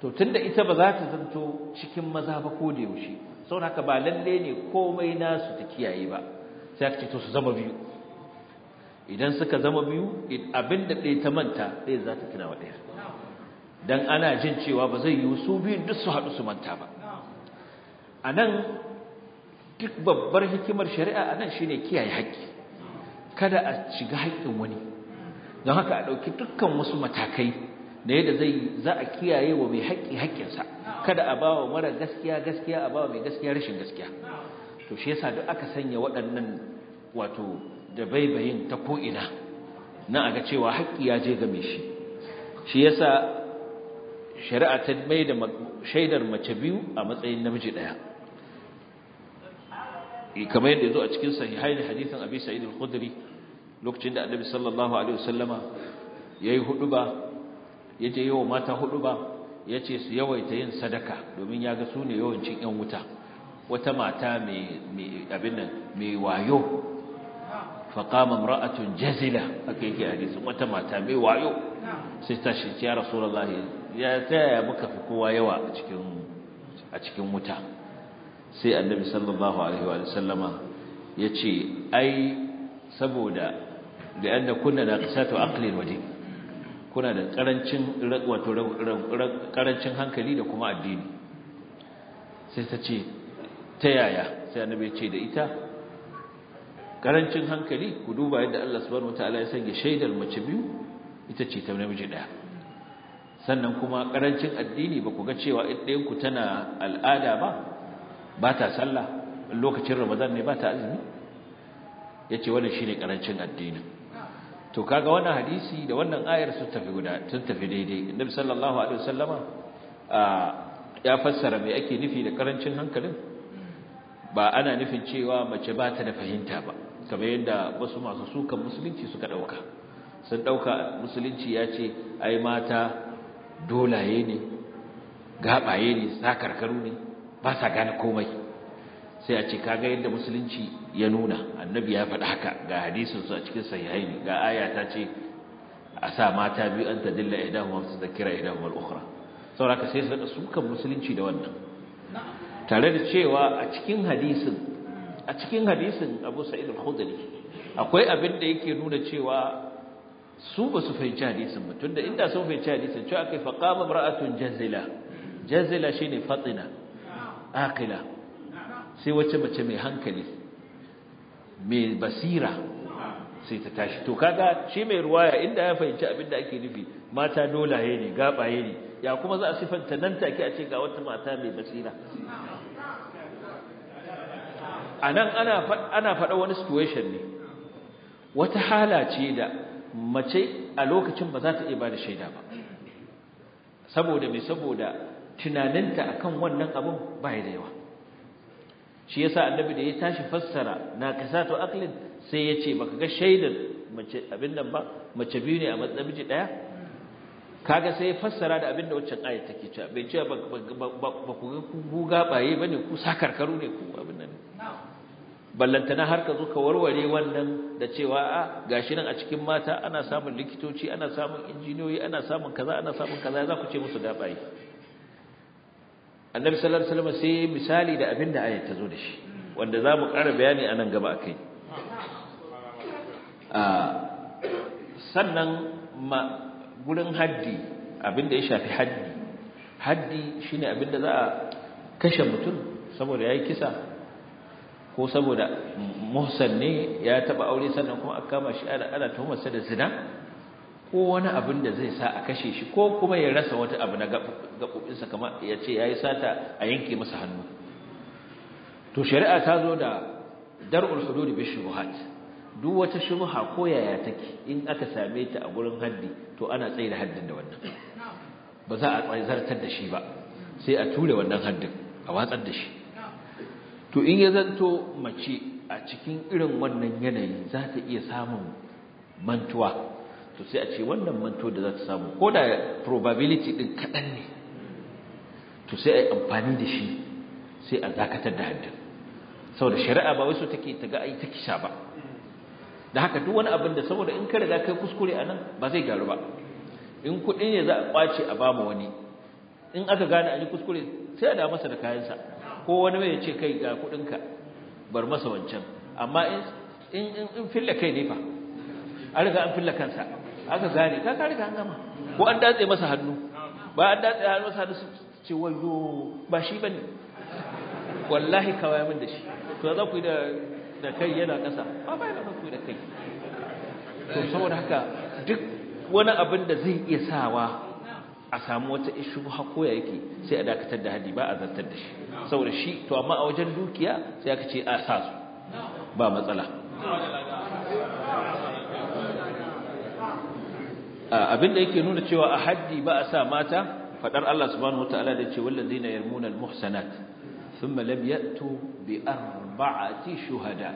to tunda ita ba za ta zanto cikin maza ba ko da yaushe Sauna haka ba lalle ne komai nasu ta kiyaye ba sai ka ce to su zama biyu idan suka zama biyu abin da ɗaya ta manta ɗaya za ta tuna ɗaya don ana jin cewa ba zai yiwu su biyu duk su haɗu su manta ba a nan duk babbar hikimar shari'a a nan shi ne kiyaye haƙƙi kada a shiga haƙƙin wani don haka a ɗauki dukkan wasu matakai da yadda zai za a kiyaye wa mai haƙƙi haƙƙinsa kada a bawa mara gaskiya gaskiya a bawa mai gaskiya rashin gaskiya to shi yasa duk aka sanya waɗannan wato da baibayin ta ko'ina na aga cewa haƙƙi ya je game shi shi yasa shari'a ta mai da shaidar mace biyu a matsayin namiji ɗaya kamar yadda zo a cikin sahihain hadithin abi sa'id al-khudri lokacin da annabi sallallahu alaihi wasallama yayi huduba yaje yawa mata Ya yace su yawaita yin sadaka domin ya ga su ne yawancin yan wuta wata mata mai abin nan mai wayo faqama imra'atun jazila aka yake hadisi wata mata mai wayo sai ta shi ya rasulallah, ya taya muka fi kowa yawa a cikin a cikin wuta sai annabi sallallahu alaihi wa sallama ya ce, ai saboda da anna kunna da qisatu aqlin wa din kuna da ƙarancin wato karancin hankali da kuma addini sai ta ce ta yaya sai annabi ya ce da ita karancin hankali ku duba yadda Allah subhanahu wataala ya sanya shaidar mace biyu ita ce ta namiji daya sannan kuma karancin addini ba ku ga cewa ɗayan ku tana al'ada ba ba ta sallah lokacin Ramadan ne ba ta azumi yace wannan shine karancin addini to kaga wannan hadisi da wannan ayar sun tafi guda sun tafi daidai annabi sallallahu alaihi wasallama ya fassara me ake nufi da karancin hankalin ba ana nufin cewa mace ba ta da fahimta ba kamar yadda wasu masu sukan musulunci suka ɗauka. sun ɗauka musulunci ya ce ai mata dolaye ne gabaye ne sakarkaru ne ba sa gane komai sai a ce kaga yadda musulunci ya nuna annabi ya faɗa haka ga hadisin su a cikin sahihaini ga aya ta ce a sa mata biyu an ta idan wa zakira idan al-ukhra saboda sai su da sukan musulunci da wannan tare da cewa a cikin hadisin a cikin hadisin Abu Sa'id al-Khudri akwai abin da yake nuna cewa su ba su fahimci hadisin ba tunda inda sun fahimci hadisin cewa akai faqama mar'atun jazila jazila shine fatina aqila sai wacce mace mai hankali mai basira sai ta tashi to kaga shi mai ruwaya inda ya fahimci abin da ake nufi mata dolaye ne gabaye ne ya kuma za a sifanta nan take a ce ga wata mata mai basira A nan ana faɗa wani situation ne wata hala ce da mace a lokacin ba za ta iya bada shaida ba saboda me saboda tunaninta akan wannan abin ba ya da yawa shi yasa annabi da ya tashi fassara na kasatu aqlin sai ya ce baka ga shaidar mace abin nan ba mace biyu ne a matsayin daya kaga sai fassara da abin da wacce ayat take cewa bai cewa ba ku ga ku guga baye bane ku sakarkaru ne ku abin nan ballantana har ka zo ka warware wannan da cewa a gashi nan a cikin mata ana samun likitoci ana samun injiniyoyi ana samun kaza ana samun kaza za ku ce musu dabai annabi sallallahu alaihi wasallam sai misali da abin da ayat ta zo da shi wanda za mu ƙara bayani a nan gaba akai a sannan ma gurin haddi abin da ya shafi haddi haddi shine abin da za a kashe mutum saboda yayi kisa ko saboda muhsan ne ya taba aure sannan kuma aka kama shi ana ana tuhumarsa da zina ko wani abin da zai sa a kashe shi ko kuma ya rasa wata abu na gabobinsa kamar ya ce yayi sata a yanke masa hannu to shari'a ta zo da dar'ul hudud bi shubuhat duk wata shubha ko yaya take in aka same ta a gurin haddi to ana tsaye da haddin da wannan ba za a tsayar da shi ba sai a ture wannan haddin a watsar da shi to in ya zanto mace a cikin irin wannan yanayi za ta iya samun mantuwa to sai a ce wannan mantuwa da za ta samu ko da probability ɗin kaɗan ne to sai a yi amfani da shi sai a zakatar da Sau saboda shari'a ba wasu take ta ga ai ta kisha ba da haka duk wani abin da saboda in kare za ka yi kuskure a nan ba zai gyaru ba in kuɗi ne za a kwace a bama wani in aka gane a yi kuskure sai a da masa da kayansa ko wani mai ce kai ga kudinka bar masa wancan amma in in in filla kai ne fa an riga an filla kansa aka gane ka ka riga an gama ko an datse masa hannu ba an datse hannu masa hannu ce wayo ba shi bane wallahi kawai min da shi to za ku yi da da kai yana kasa ba ba yana ku da kai to saboda haka duk wani abin da zai iya sawa a samu wata ishu hakoya ya yake sai a dakatar da hadi ba a zartar da shi saboda shi to amma a wajen dukiya sai aka ce a sa su ba matsala abin da yake nuna cewa a haddi ba a sa mata fadar Allah subhanahu wataala da ce wallazina yarmuna almuhsanat thumma lam ya'tu bi arba'ati shuhada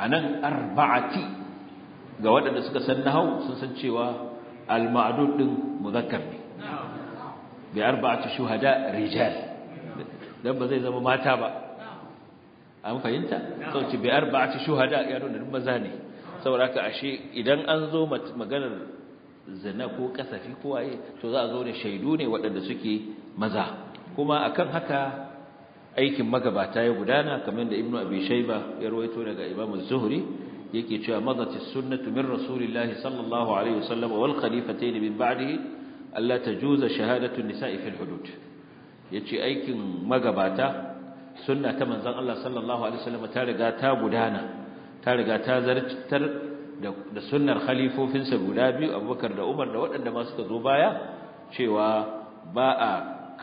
anan arba'ati ga waɗanda suka san nahau sun san cewa al-ma'dud din muzakkar ne bi arba'atu shuhada rijal dan ba zai zama mata ba an fahimta sau ce bi arba'atu shuhada ya nuna maza ne saboda ka ashe idan an zo maganar zina ko kasafi ko waye to za a zo da shaidu ne waɗanda suke maza kuma akan haka aikin magabata ya gudana kamar da Ibnu Abi Shayba ya rawaito daga Imam zuhri yake cewa madati sunnatu min rasulillahi sallallahu alaihi wasallam wal khalifatayn min ba'dihi alla tajuza shahadatu nisa'i fil hudud yace aikin magabata sunna ta manzon Allah sallallahu alaihi wasallam ta riga ta gudana ta riga ta zartar da sunnar khalifofinsa guda biyu Abubakar da Umar da waɗanda ma suka zo baya cewa ba a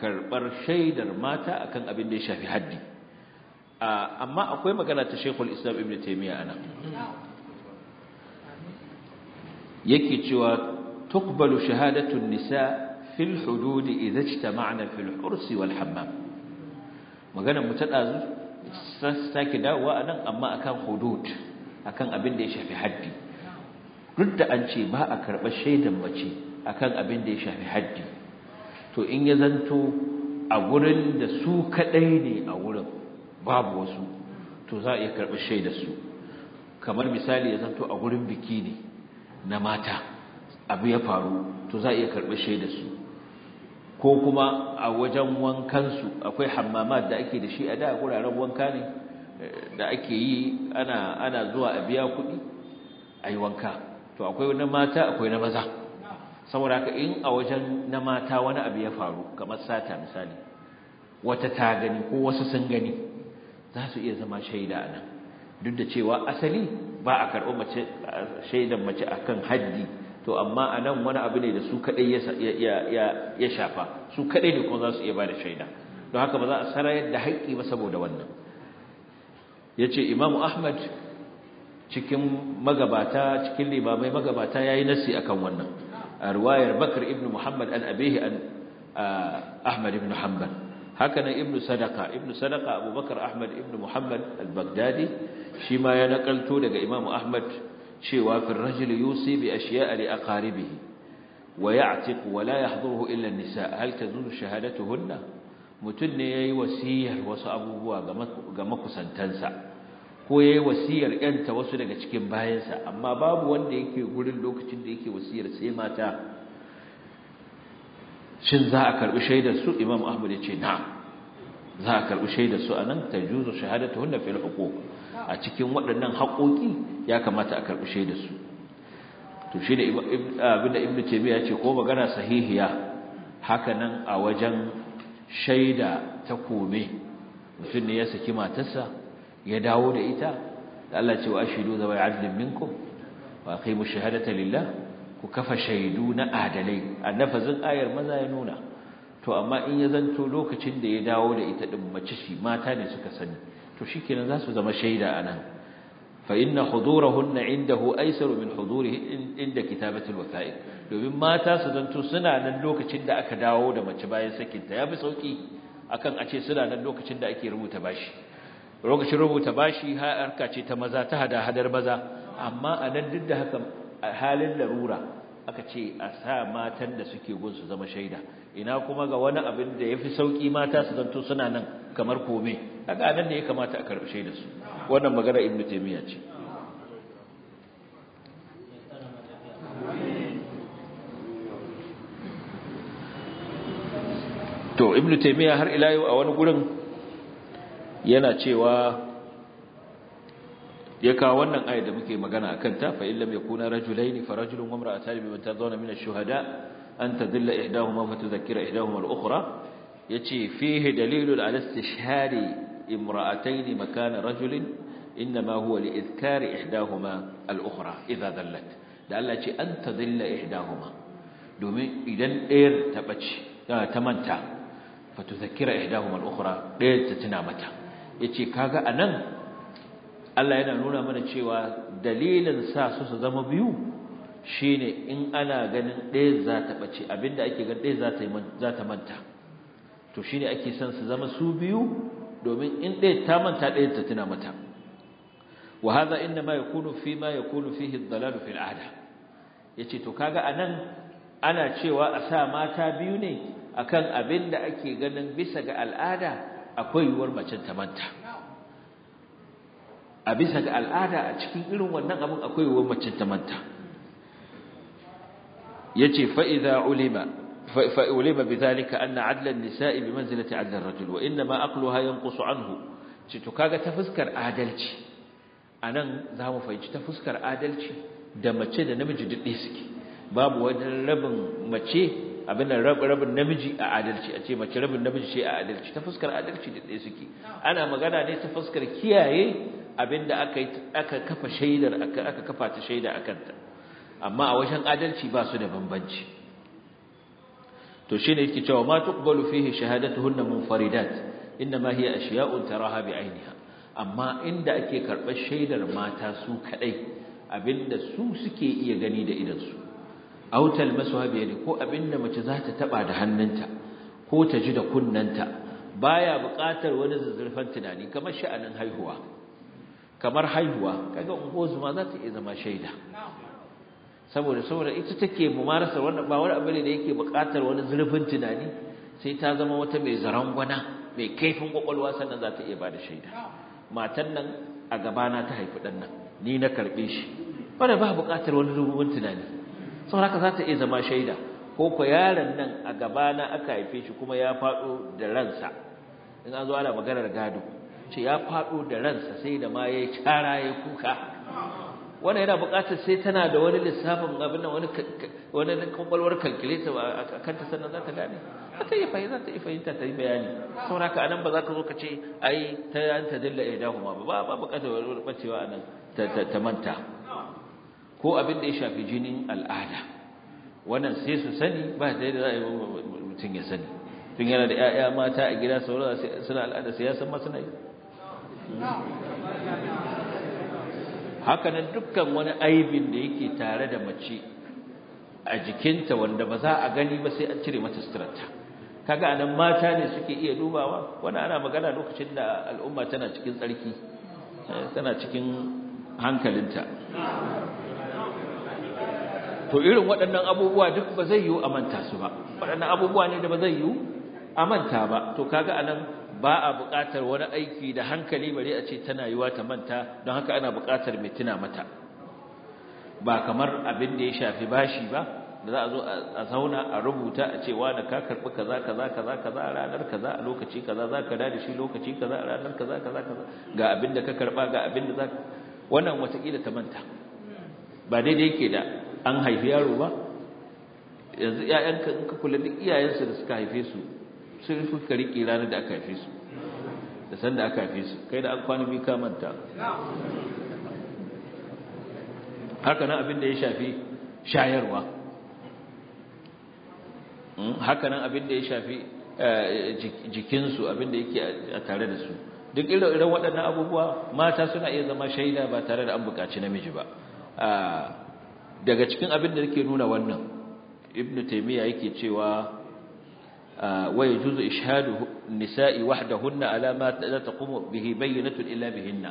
karɓar shaidar mata akan abin da ya shafi haddi amma akwai magana ta shekul Islam Ibn taimiyya anan yake cewa tukbalu shahadatun nisa fil hudud idza ijtama'na fil wal hammam magana mu ta sake dawowa anan amma akan hudud akan abin da ya shafi haddi duk da an ce ba a karɓa shaidan mace akan abin da ya shafi haddi to in ya zanto a gurin da su kadai ne a wurin babu wasu to za a iya karɓar shaida su kamar misali ya zanto a gurin biki ne na mata abu ya faru to za a iya karɓar shaida su ko kuma a wajen wankansu akwai hammamat da ake da shi a da guraren wanka ne eh, da ake yi ana ana zuwa a biya kuɗi a yi wanka to akwai na mata akwai na maza saboda haka in a wajen na mata wani abu ya faru kamar sata misali wata ta gani ko wasu sun gani za su iya zama shaida nan duk da cewa asali ba a karɓo mace shaidan mace akan haddi to amma anan wani abu ne da su kadai ya shafa su kadai ne kuma za su iya ba da shaida don haka ba za a sarayar da haƙƙi ba saboda wannan ce imamu ahmad cikin magabata cikin limamai magabata yayi nasi akan wannan a riwayar bakr ibn muhammad an abihi an ahmad ibn hanbal Hakanan ibnu sadaka ibnu sadaka abubakar ahmad ibnu muhammad al-baghdadi shi ma ya nakalto daga imamu ahmad cewa fi rajul yusi bi ashiya'a li aqaribihi wa ya'tiq wa la yahduruhu illa an-nisa hal tazunu shahadatuhunna mutun ne yayi wasiyar wasu abubuwa ga makusantansa ko yayi wasiyar yanta wasu daga cikin bayansa amma babu wanda yake gurin lokacin da yake wasiyar sai mata shin za a karbi shaidar su imam ahmad ya ce na za a karɓi shaidar su a nan ta shahada ta shahadatuhunna hunna huquq a cikin waɗannan haƙoƙi ya kamata a karbi shaidar su to shi da abinda ibnu tebe ya ce ko magana sahihiya haka nan a wajen shaida ta kome mutum ne ya saki matarsa ya dawo da ita da Allah ce wa ashidu zawai adlin kai wa shahada ta lillah ku kafa shaidu na adalai a nafazin ayar maza ya nuna to amma in ya zanto lokacin da ya dawo da ita din mace shi mata ne suka sani to shikenan za su zama shaida anan fa inna hudurahunna indahu aysaru min hudurihi inda kitabati alwasaiq domin mata su zanto suna nan lokacin da aka dawo da mace bayan sakinta yafi sauki akan a ce suna nan lokacin da ake rubuta bashi lokacin rubuta bashi har ce ta maza ta hada hadar maza amma a nan duk da haka a halin larura aka ce a sa matan da suke gun su zama shaida ina kuma ga wani abin da ya fi sauki mata su zanto suna nan kamar kome a nan da ya kamata a karbi shaida su wannan magana ibn taimiyya ce to ibn taimiyya har ila yau a wani gurin yana cewa ya kawo wannan ayat da muke magana akan ta fa illam kuna rajulaini fa rajulun a imra'atani mimman tadawna min ash-shuhada an ta tadilla ihdahuma fa tudhakkira ihdahuma al-ukhra yace fihi dalilun ala istishhari imra'ataini makana rajulin inma huwa li idhkari ihdahuma al al'ukura idha dallat da Allah ce an ta zilla tadilla ihdahuma domin idan ɗayar ta bace ah, ta manta fa tudhakkira ihdahuma al-ukhra ɗayar ta tuna mata Ya ce kaga a nan. Allah yana nuna mana cewa dalilin sa su su zama biyu shine in ana ganin ɗaya za ta ɓace abinda ake ganin ɗaya za ta manta to shine ake son su zama su biyu domin in ɗaya ta manta ɗaya ta tuna mata wa hadha inna ma yakunu fi ma yakunu fihi ad-dalal fi al-'ada yace to kaga anan ana cewa a sa mata biyu ne akan abinda ake ganin bisa ga al'ada akwai yuwar mace ta manta a bisa ga al'ada a cikin irin wannan abin akwai wa mace ta manta yace fa idza ulima fa ulima bidhalika anna adla an-nisa'i bi manzilati adla ar-rajul wa inna ma aqluha yanqusu anhu ce to kaga ta fuskar adalci anan za mu fahimci ta fuskar adalci da mace da namiji duk ɗaya suke babu wani rabin mace abin da rabin namiji a adalci a ce mace rabin namiji ce a adalci ta fuskar adalci da ɗaya suke ana magana ne ta fuskar kiyaye abinda aka aka kafa shaidar aka aka kafa ta shaida akanta amma a wajen adalci ba su da bambanci to shine yake cewa ma tuqbalu fihi shahadatuhunna munfaridat inma hiya ashiya'un taraha bi'ainiha amma inda ake karɓar shaidar mata su kadai abinda su suke iya gani da idan su autal masuha ne, ko abinda mace za ta taba da hannunta ko ta ji da kunnanta baya buƙatar wani zuzzurfan tunani kamar sha'anin haihuwa kamar haihuwa kaga ungozuma za ta iya zama shaida saboda saboda ita take mumarasar wannan ba wani abu ne da yake bukatar wani zurfin tunani sai ta zama wata mai zarangwana mai kaifin kwakwalwa sannan za ta iya bada shaida matan nan a gabana ta haifi ɗan nan ni na karɓe shi wanda ba bukatar wani zurfin tunani saboda haka za ta iya zama shaida ko ko yaron nan a gabana aka haife shi kuma ya faɗo da ransa in an zo ana maganar gado ce ya faɗo da ransa sai da ma ya yi cara ya kuka wannan yana buƙatar sai tana da wani lissafin abin da wani wani kwakwalwar calculator a kanta sannan za ta gane A ta yi fahimta ta yi fahimta ta yi bayani saboda haka anan ba za ka zo ka ce ai ta an ta dilla ya eh, dahu ma ba ba buƙatar wani a anan ta manta ko abin da ya shafi jinin al'ada wannan sai su sani ba da za a yi mutum ya sani tun yana da 'ya'ya mata a gida sauran suna al'ada sai ya san ma suna yi hakanan dukkan wani aibin da yake tare da mace a jikinta wanda ba za a gani ba sai an cire mata suturarta kaga anan mata ne suke iya dubawa wani ana magana lokacin da al'umma tana cikin tsarki eh, tana cikin hankalinta to irin waɗannan abubuwa duk ba zai yiwu a manta su ba waɗannan abubuwa ne da ba zai yiwu a manta ba to kaga anan ba a buƙatar wani aiki da hankali bare a ce tana yiwa ta manta don haka ana buƙatar mai tuna mata ba kamar abin da ya shafi bashi ba da za a zo a zauna a rubuta a cewa da ka karɓi kaza kaza kaza kaza a ranar kaza a lokaci kaza za ka da shi lokaci kaza a ranar kaza kaza kaza ga abin da ka karɓa ga abin da za ka wannan watakila ta manta ba daidai yake da an haifi yaro ba yanzu ‘ya'yanka in ka kula duk iyayensu da suka haife su sun fi kari riƙe ranar da aka haife su da sanda aka fi su kai da an bi ka manta haka nan abin da ya shafi shayarwa hmm, haka nan abin da ya shafi eh, jikinsu abin da yake a tare da su duk irin waɗannan abubuwa mata suna iya zama shaida ba tare da an buƙaci namiji ba ah, daga cikin abin da yake nuna wannan ibn taimiyya yake cewa ويجوز إشهاد النساء وحدهن على ما لا bihi به بينة إلا بهن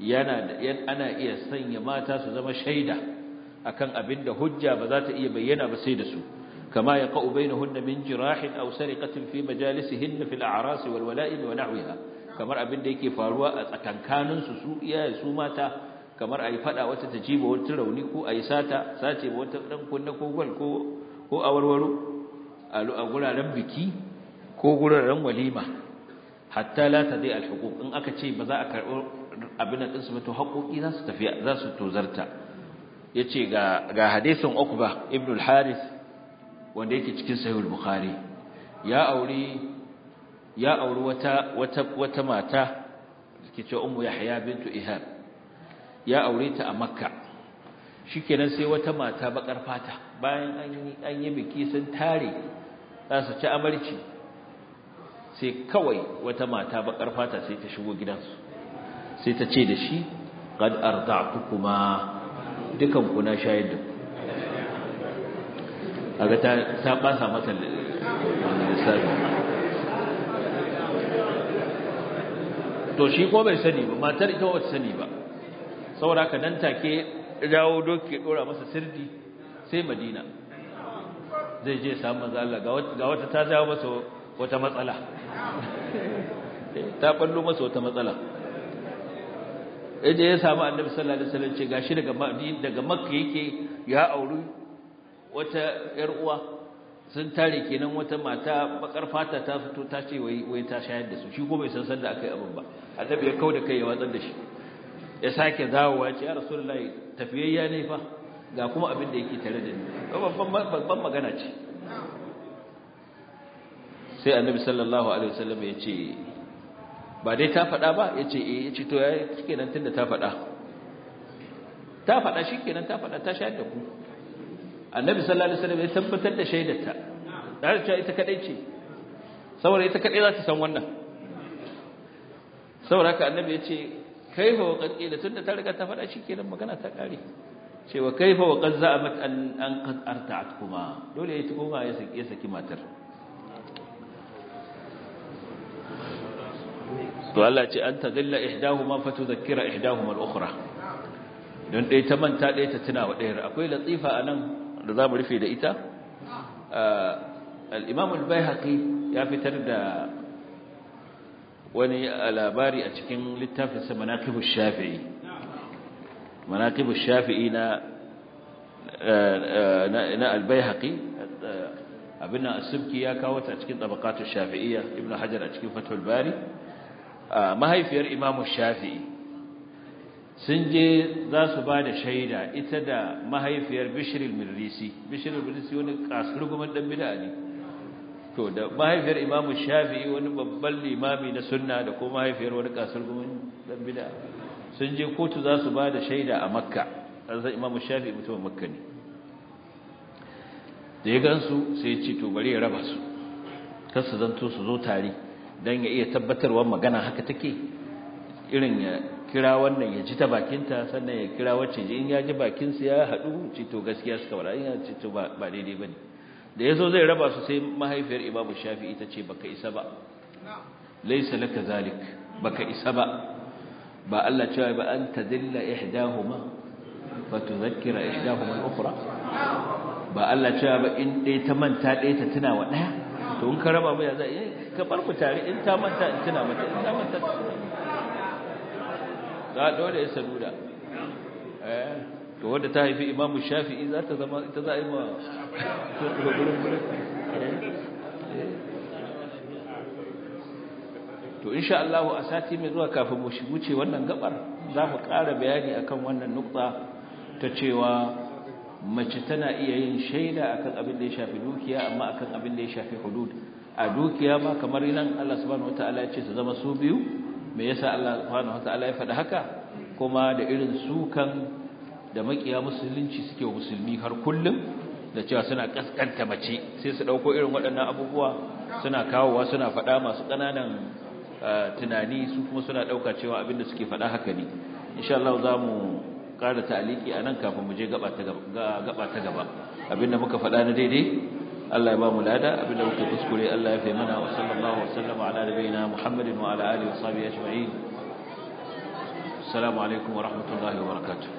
yana ana iya sanya mata su zama shaida akan abin da hujja ba za ta iya bayyana ba sai da su kama ya qa'u bainahunna min jirahin aw sariqatin fi majalisihin fil a'ras wal wala'im wa nahwiha kamar abin da yake faruwa a tsakankanin su su iyaye su mata kamar ayi fada wata tajiba wata rauni ko a yi sata sace wata dan kunna ko gwal ko ko a guraren biki ko guraren walima hatta la zai alhuquq in aka ce ba za a karɓi abin din su ba haƙoƙi za su tafi za su tozarta yace ga ga hadisin Uqba ibn al haris wanda yake cikin sahih al-Bukhari ya aure wata mata take ce ummu Yahya bintu Ihab ya aure ta a Makka Shi kenan sai wata mata baƙar fata bayan an an yi biki sun tare za su ci amarci sai kawai wata mata bakar fata sai ta shigo gidansu sai ta ce da shi qad arda'tukuma dukan ku na shayar da ku aga ta ta basa mata lissafi to shi ko bai sani ba matar ita wata sani ba saboda ka nan take dawo doki dora masa sirdi sai madina zai je samu manzo Allah ga wata ta jawo masa wata matsala ta ballo masa wata matsala idan ya samu annabi sallallahu alaihi wasallam ce gashi daga daga makka yake ya auri wata yar uwa sun tare kenan wata mata bakar fata ta fito ta ce wai wai ta shayar da su shi ko bai san sanda akai abin ba annabi ya kauda kai ya watsar da shi ya sake dawowa ya ce ya rasulullahi tafiyayya ne fa ga kuma abin da yake tare da ni babban magana ce sai annabi sallallahu alaihi wasallam ya ce ba dai ta faɗa ba ya ce eh ya ce to ya kenan tunda ta faɗa ta faɗa kenan ta faɗa ta shayar da ku annabi sallallahu alaihi wasallam ya tabbatar da shaidarta da ta ita kadai ce saboda ita kadai za ta san wannan saboda haka annabi ya ce kai ho qad tunda ta riga ta faɗa kenan magana ta ƙare wa kaifa wa qad za'amat an an qad arta'atkuma dole yayi tukuma ya saki ya saki matar to Allah ce an tadilla ihdahuma fatudhakkira ihdahuma al-ukhra don dai ta manta dai ta tuna wa dayar akwai latifa anan da zamu rufe da ita ah, al-imam al ya fitar da wani ah, labari a cikin littafin sa manaqibush shafi'i مناقب الشافعي نا نا البيهقي ابن السبكي يا كاوت a cikin tabaqatu shafi'iyya ibn hajar a cikin fathul bari mahaifiyar imam shafi'i sun je za su ba da shaida ita da mahaifiyar bishr al-mirrisi bishr al-mirrisi wani kasurgumin dan bid'a ne to da mahaifiyar imam shafi'i wani babban limami na sunna da ko mahaifiyar wani dan sun je kotu za su ba da shaida a makka A zai imamu shafi mutum makka ne da ya gansu sai ce to bari ya raba su kar su zanto su zo tare don ya iya tabbatarwa magana haka take irin ya kira wannan ya ji ta bakinta sannan ya kira wacce in ya ji bakinsu ya haɗu ce to gaskiya suka wara in ya ce to ba daidai ba ne da ya zo zai raba su sai mahaifiyar imamu shafi ita ce baka isa ba laisa laka zalik baka isa ba با الله جاي بان تدل احداهما فتذكر احداهما الاخرى با الله جاي بان دي تمنتا دي تتنا ودا تو ان كربا ما زي كبر متاري ان تمنتا تنا متا ان تمنتا دا دوله يسدودا eh to wanda ta haifi imamu shafi'i za ta zama ita za'ima to gurin gurin eh to insha Allah a sati mai zuwa kafin mu shi wannan gabar za mu ƙara bayani akan wannan nukta ta cewa mace tana iya yin shaida akan abin da ya shafi dukiya amma akan abin da ya shafi hudud a dukiya ma kamar nan Allah subhanahu wataala ya ce su zama su biyu me yasa Allah subhanahu wataala ya faɗi haka kuma da irin sukan da makiya musulunci suke musulmi har kullum da cewa suna kaskanta mace sai su dauko irin waɗannan abubuwa suna kawowa suna faɗa masu ƙananan tunani su kuma suna dauka cewa abinda suke faɗa haka ne insha Allah za mu ƙara ta'aliki anan kafin mu je gaba ta gaba ta gaba abinda muka faɗa na daidai Allah ya ba mu lada abinda muka kuskure Allah ya fi mana wa sallallahu wa sallama ala nabiyina Muhammadin wa ala alihi wa sahbihi ajma'in assalamu alaikum wa rahmatullahi wa barakatuh